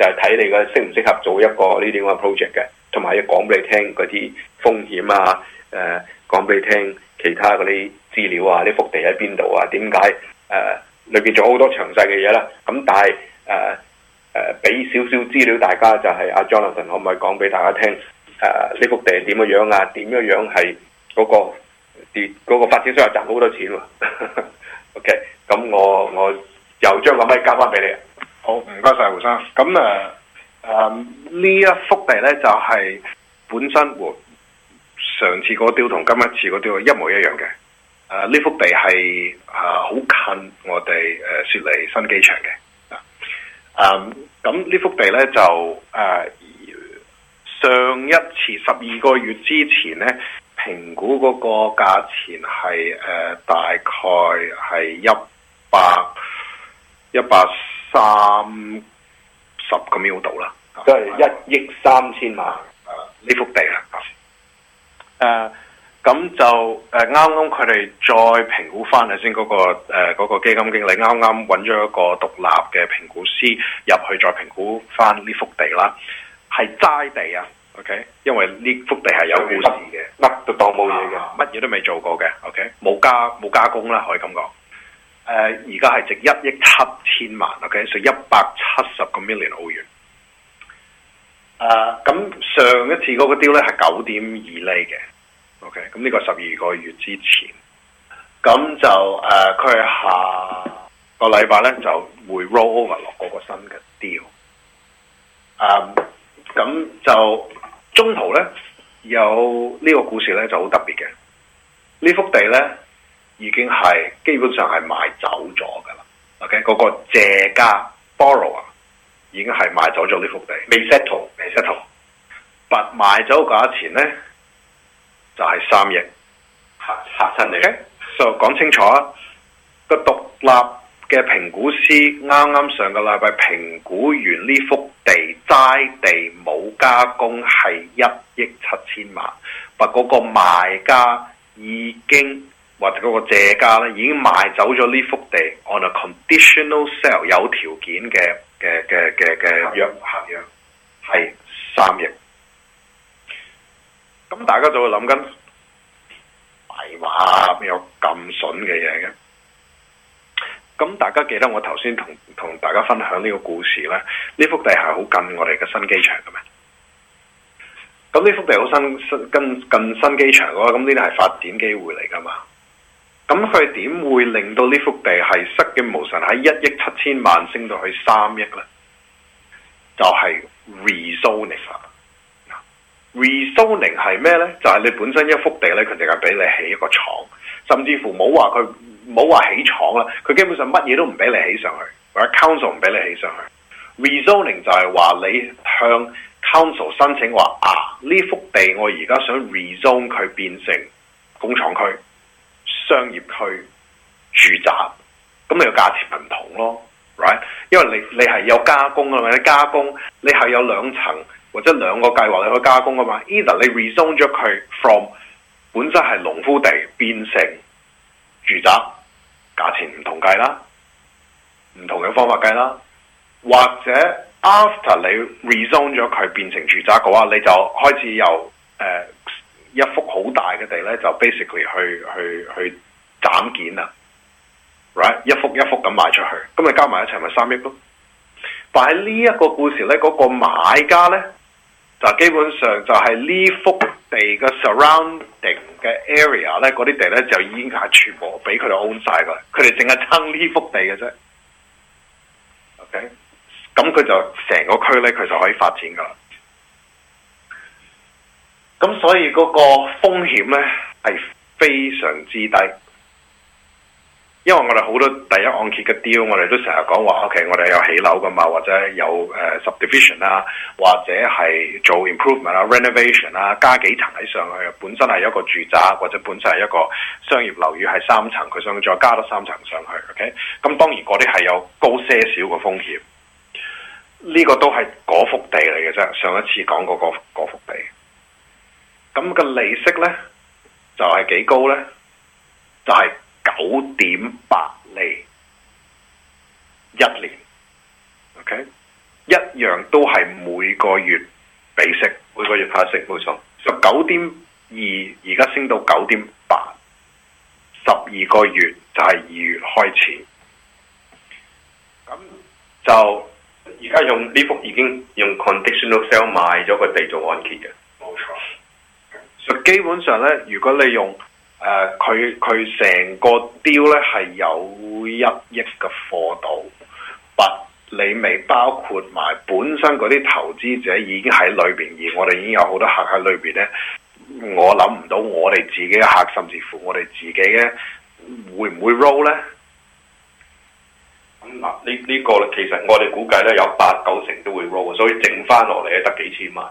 就係睇你個適唔適合做一個呢啲咁嘅 project 嘅，同埋要講俾你聽嗰啲風險啊，誒講俾你聽其他嗰啲資料啊，呢幅地喺邊度啊，點解誒裏邊仲有好多詳細嘅嘢啦。咁但係誒誒俾少少資料大家，就係，就係阿 Jonathan 可唔可以講俾大家聽誒呢、呃、幅地係點樣樣啊？點樣樣係嗰、嗰個跌嗰、嗰個發展商又賺好多錢喎，啊。、 OK，咁我我又將個麥交翻俾你。好唔該晒胡生，咁啊，誒、嗯、呢一幅地咧就係、是、本身和上次嗰個吊同今一次嗰吊一模一樣嘅，誒、啊、呢幅地係啊好近我哋誒、啊、雪梨新機場嘅，啊，咁、嗯、呢幅地咧就誒、啊、上一次十二個月之前咧評估嗰個價錢係誒、啊、大概係一百一百。一百三十個秒度啦，即係一億三千萬呢、啊、幅地啊！誒，咁就誒啱啱佢哋再評估翻、嗰個、啊，先嗰個誒個基金經理啱啱揾咗一個獨立嘅評估師入去再評估翻呢幅地啦，係齋地啊，OK？因為呢幅地係有故事嘅，乜都當冇嘢嘅，乜嘢、啊、都未做過嘅，OK？冇加冇加工啦，可以咁講。誒，而家係值一億七千萬，ok，值一百七十個 million 澳元。誒、呃，咁上一次嗰個 deal 咧，係九點二厘嘅，ok，咁呢個十二個月之前，咁就誒，佢、呃、下個禮拜咧就會 roll over 落嗰個新嘅 deal。咁、呃、就中途咧有呢個故事咧就好特別嘅，呢幅地咧。已經係基本上係賣走咗噶啦，OK，嗰個借家 borrow 啊，ers, 已經係賣走咗呢幅地，未 settle，未 settle，但賣走價錢咧就係三億，嚇嚇親你，所以講清楚，啊，個獨立嘅評估師啱啱上個禮拜評估完呢幅地齋地冇加工係一億七千萬，但嗰 個賣家已經。或者嗰個借家咧，已經賣走咗呢幅地，on a conditional sale，有條件嘅嘅嘅嘅嘅約合約，係是三億。咁大家就會諗緊，大、哎、話邊有咁筍嘅嘢嘅。咁大家記得我頭先同同大家分享呢個故事咧，呢幅地係好近我哋嘅新機場噶嘛。咁呢幅地好新新近近新機場嘅話，咁呢啲係發展機會嚟噶嘛。咁佢點會令到呢幅地係失嘅無神，喺一億七千萬升到去三億呢？就係 rezoning 啦。rezoning 係咩呢？就係你本身一幅地呢，佢淨係俾你起一個廠，甚至乎冇話佢冇話起廠啦。佢基本上乜嘢都唔俾你起上去，或者 council 唔俾你起上去。rezoning 就係話你向 council 申請話啊，呢幅地我而家想 rezone 佢變成工廠區。商業區住宅，咁你個價錢咪唔同咯，right？因為你你係有加工啊嘛，你加工你係有兩層或者兩個計劃你去加工啊嘛。Either 你 rezone 咗佢 from 本身係農夫地變成住宅，價錢唔同計啦，唔同嘅方法計啦，或者 after 你 rezone 咗佢變成住宅嘅話，你就開始由誒，呃一幅好大嘅地咧，就 basically 去去去斬件啦，right 一幅一幅咁賣出去，咁、嗯、咪加埋一齊咪三億咯。但係呢一個故事咧，嗰、那個買家咧就基本上就係呢幅地嘅 surrounding 嘅 area 咧，嗰啲地咧就已經係全部俾佢哋 own 晒噶，佢哋淨係爭呢幅地嘅啫。OK，咁佢就成個區咧，佢就可以發展噶啦。咁所以嗰個風險呢係非常之低，因為我哋好多第一按揭嘅 deal，我哋都成日講話，OK，我哋有起樓噶嘛，或者有誒、呃、subdivision 啦、啊，或者係做 improvement 啦、啊、renovation 啦、啊，加幾層喺上去，本身係一個住宅或者本身係一個商業樓宇層，係三層，佢想再加多三層上去，OK，咁當然嗰啲係有高些少嘅風險，呢、這個都係嗰幅地嚟嘅啫，上一次講過嗰嗰幅地。咁個利息咧就係幾高咧？就係九點八厘一年，OK，一樣都係每個月俾息，嗯、每個月派息，冇錯。十九點二而家升到九點八，十二個月就係二月開始。咁、嗯、就而家用呢幅已經用 conditional sale 買咗個地做按揭嘅。基本上咧，如果你用誒佢佢成個 deal 咧，係有一億嘅貨到，但你未包括埋本身嗰啲投資者已經喺裏邊，而我哋已經有好多客喺裏邊咧，我諗唔到我哋自己嘅客，甚至乎我哋自己咧，會唔會 roll 咧？咁嗱呢呢個咧，其實我哋估計咧有八九成都會 roll，所以剩翻落嚟得幾千萬。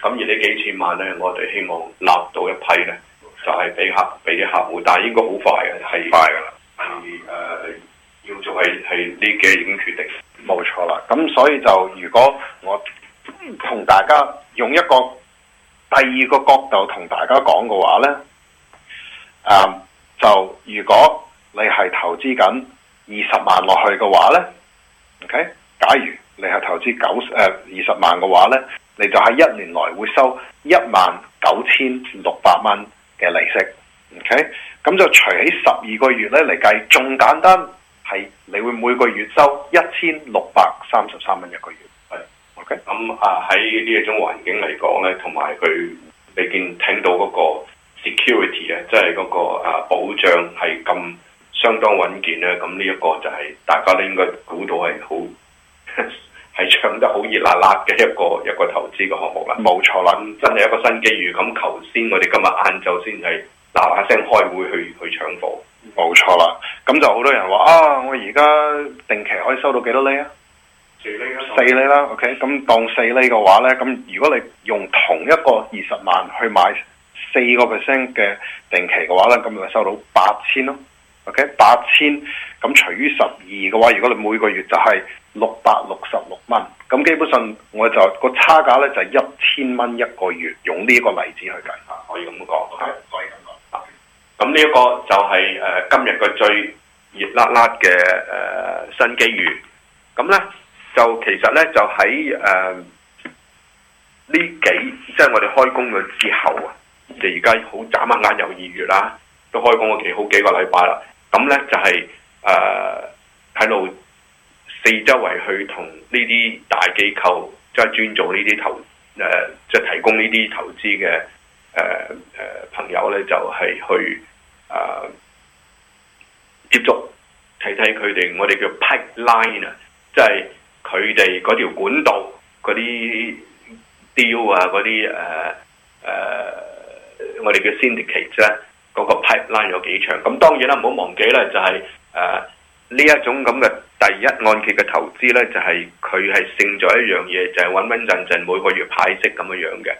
咁而呢幾千萬呢，我哋希望納到一批呢，就係、是、俾客俾客戶，但係應該好快嘅，係快噶啦，係、呃、要做係係呢嘅已經決定，冇錯啦。咁所以就如果我同大家用一個第二個角度同大家講嘅話呢，誒、嗯，就如果你係投資緊二十萬落去嘅話呢，o、OK，k 假如你係投資九誒二十萬嘅話呢。你就係一年內會收一萬九千六百蚊嘅利息，OK？咁就除喺十二個月咧嚟計，仲簡單係你會每個月收一千六百三十三蚊一個月。係 OK？咁啊喺呢一種環境嚟講咧，同埋佢未見聽到嗰個 security 咧，即係嗰個啊保障係咁相當穩健咧，咁呢一個就係、是、大家都應該估到係好。 係搶得好熱辣辣嘅一個一個投資嘅項目啦，冇錯啦，真係一個新機遇。咁頭先我哋今日晏晝先係嗱嗱聲開會去去搶貨，冇錯啦。咁就好多人話啊，我而家定期可以收到幾多，多厘啊？四厘啦，OK 厘。咁當四厘嘅話呢，咁如果你用同一個二十萬去買四個 percent 嘅定期嘅話呢，咁咪收到八千咯，OK？八千咁除於十二嘅話，如果你每個月就係、是。六百六十六蚊，咁基本上我就、個差價咧就一千蚊一個月，用呢個例子去計吓，可以咁講。係 Okay, 是可以咁講。咁呢一個就係、是、誒、呃、今日嘅最熱辣辣嘅誒新機遇。咁、嗯、咧就其實咧就喺誒呢幾即係我哋開工咗之後啊，而家好眨一眼又二月啦，都開工個期好幾個禮拜啦。咁、嗯、咧就係誒喺度。呃四周圍去同呢啲大機構，即係專做呢啲投，誒即係提供呢啲投資嘅誒誒朋友咧，就係去啊接觸，睇睇佢哋我哋叫 pipeline 啊，即係佢哋嗰條管道嗰啲雕啊，嗰啲誒誒我哋叫 syndicate 咧，嗰個 pipeline 有幾長？咁當然啦，唔好忘記咧，就係誒。呃呢一種咁嘅第一按揭嘅投資呢，就係佢係剩咗一樣嘢，就係穩穩陣陣每個月派息咁樣樣嘅，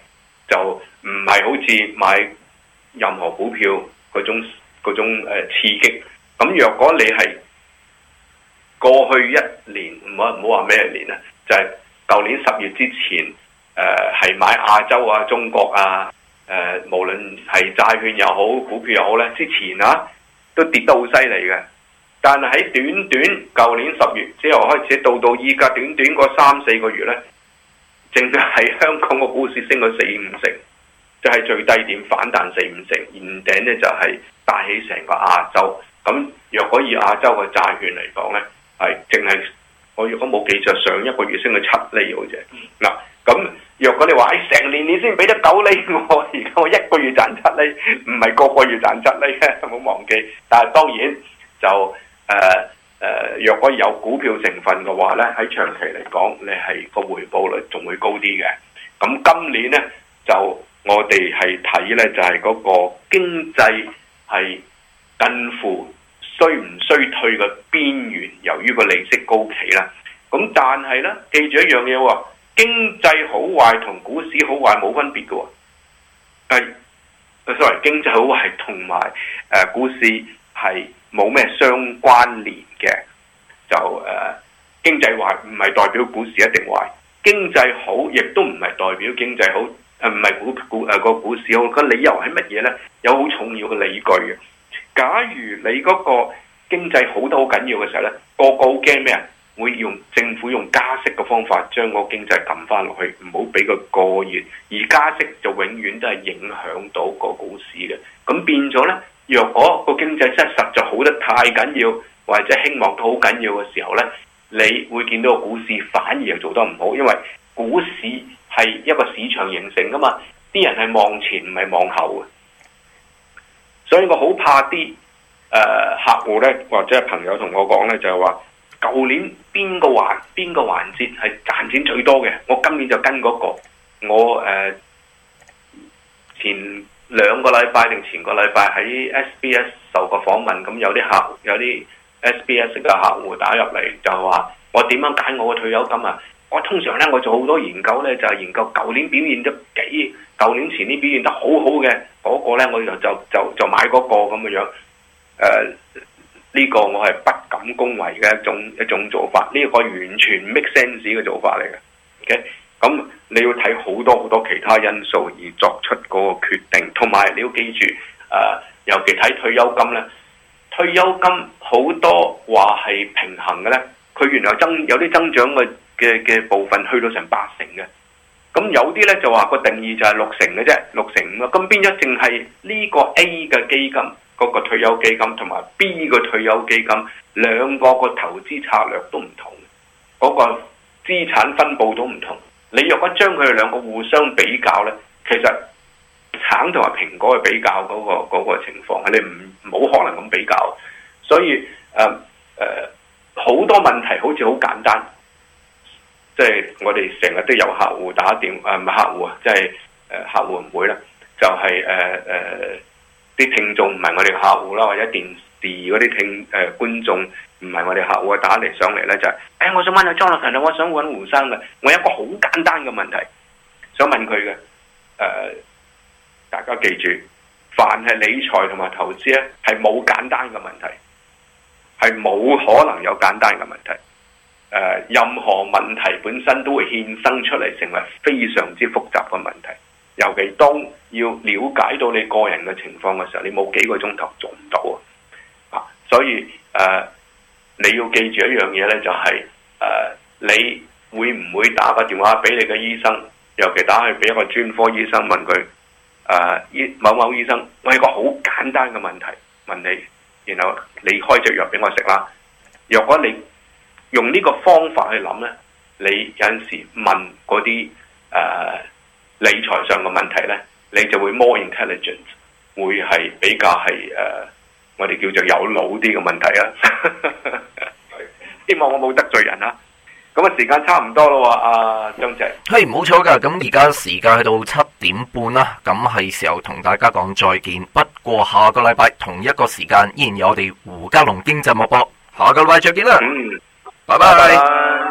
就唔係好似買任何股票嗰種嗰種誒刺激。咁若果你係過去一年唔好唔好話咩年啊，就係、是、舊年十月之前誒係、呃、買亞洲啊、中國啊誒、呃，無論係債券又好、股票又好呢，之前啊都跌得好犀利嘅。但係喺短短舊年十月之後開始到到依家短短嗰三四個月呢，淨係香港個股市升咗四五成，就係、是、最低點反彈四五成，現頂呢就係帶起成個亞洲。咁若果以亞洲嘅債券嚟講呢，係淨係我如果冇記錯上一個月升咗七厘好似嗱，咁若果你話喺成年你先俾得九厘、哦，我而家我一個月賺七厘，唔係個個月賺七厘，唔好忘記。但係當然就。誒誒、呃，若果有股票成分嘅話咧，喺長期嚟講，你係個回報率仲會高啲嘅。咁、嗯、今年咧，就我哋係睇咧，就係、是、嗰個經濟係近乎衰唔衰退嘅邊緣。由於個利息高企啦，咁、嗯、但係咧，記住一樣嘢，經濟好壞同股市好壞冇分別嘅。係，sorry，經濟好壞同埋誒，股市係。冇咩相關聯嘅，就誒、呃、經濟壞唔係代表股市一定壞，經濟好亦都唔係代表經濟好，誒唔係股股誒個、呃、股市好。個理由係乜嘢呢？有好重要嘅理據嘅。假如你嗰個經濟好得好緊要嘅時候呢，個個好驚咩？會用政府用加息嘅方法將個經濟撳翻落去，唔好俾佢過熱，而加息就永遠都係影響到個股市嘅。咁變咗呢？若果個經濟真係實在好得太緊要，或者希望都好緊要嘅時候呢，你會見到個股市反而又做得唔好，因為股市係一個市場形成噶嘛，啲人係望前唔係望後嘅，所以我好怕啲誒、呃、客戶呢，或者係朋友同我講呢，就係、是、話，舊年邊個環邊個環節係賺錢最多嘅，我今年就跟嗰、那個，我誒、呃、前。兩個禮拜定前個禮拜喺 SBS 受過訪問，咁有啲客有啲 SBS 嘅客戶打入嚟就係、是、話：我點樣解我嘅退休金啊？我通常咧，我做好多研究咧，就係、是、研究舊年表現得幾，舊年前年表現得好好嘅嗰個咧，我就就就就買嗰個咁嘅樣。誒、呃，呢、這個我係不敢恭維嘅一種一種做法，呢、這個完全 make sense 嘅做法嚟嘅。OK。咁你要睇好多好多其他因素而作出嗰個決定，同埋你要記住，誒、呃，尤其睇退休金咧，退休金好多話係平衡嘅咧，佢原來增有啲增長嘅嘅嘅部分去到成八成嘅，咁有啲咧就話個定義就係六成嘅啫，六成五。啊，咁變咗淨係呢個 A 嘅基金嗰、那個退休基金，同埋 B 個退休基金，兩個個投資策略都唔同，嗰、那個資產分布都唔同。你若果將佢哋兩個互相比較咧，其實橙同埋蘋果嘅比較嗰、嗰個、嗰個情況，係你唔冇可能咁比較。所以誒誒，好、呃呃、多問題好似好簡單。即、就、係、是、我哋成日都有客戶打電話，誒，唔係客戶啊，即係誒客戶唔會啦，就係誒誒啲聽眾唔係我哋嘅客戶啦，或者電視嗰啲聽誒、呃、觀眾。唔係我哋客戶打嚟上嚟呢，就係、是，誒、哎，我想問下莊樂群啊，我想搵胡生嘅，我有一個好簡單嘅問題，想問佢嘅、呃。大家記住，凡係理財同埋投資呢，係冇簡單嘅問題，係冇可能有簡單嘅問題、呃。任何問題本身都會衍生出嚟，成為非常之複雜嘅問題。尤其當要了解到你個人嘅情況嘅時候，你冇幾個鐘頭做唔到啊。所以，誒、呃。你要記住一樣嘢呢，就係、是、誒、呃，你會唔會打個電話俾你嘅醫生，尤其打去俾一個專科醫生問佢誒、呃、某某醫生，我係個好簡單嘅問題問你，然後你開隻藥俾我食啦。若果你用呢個方法去諗呢，你有陣時問嗰啲誒理財上嘅問題呢，你就會 more intelligent，會係比較係誒。呃我哋叫做有腦啲嘅問題啊， 希望我冇得罪人啊。咁、那個、啊，hey, 時間差唔多啦，阿張姐，係冇錯噶。咁而家時間去到七點半啦，咁係時候同大家講再見。不過下個禮拜同一個時間，依然有我哋胡嘉龍經濟脈搏。下個禮拜再見啦，拜拜。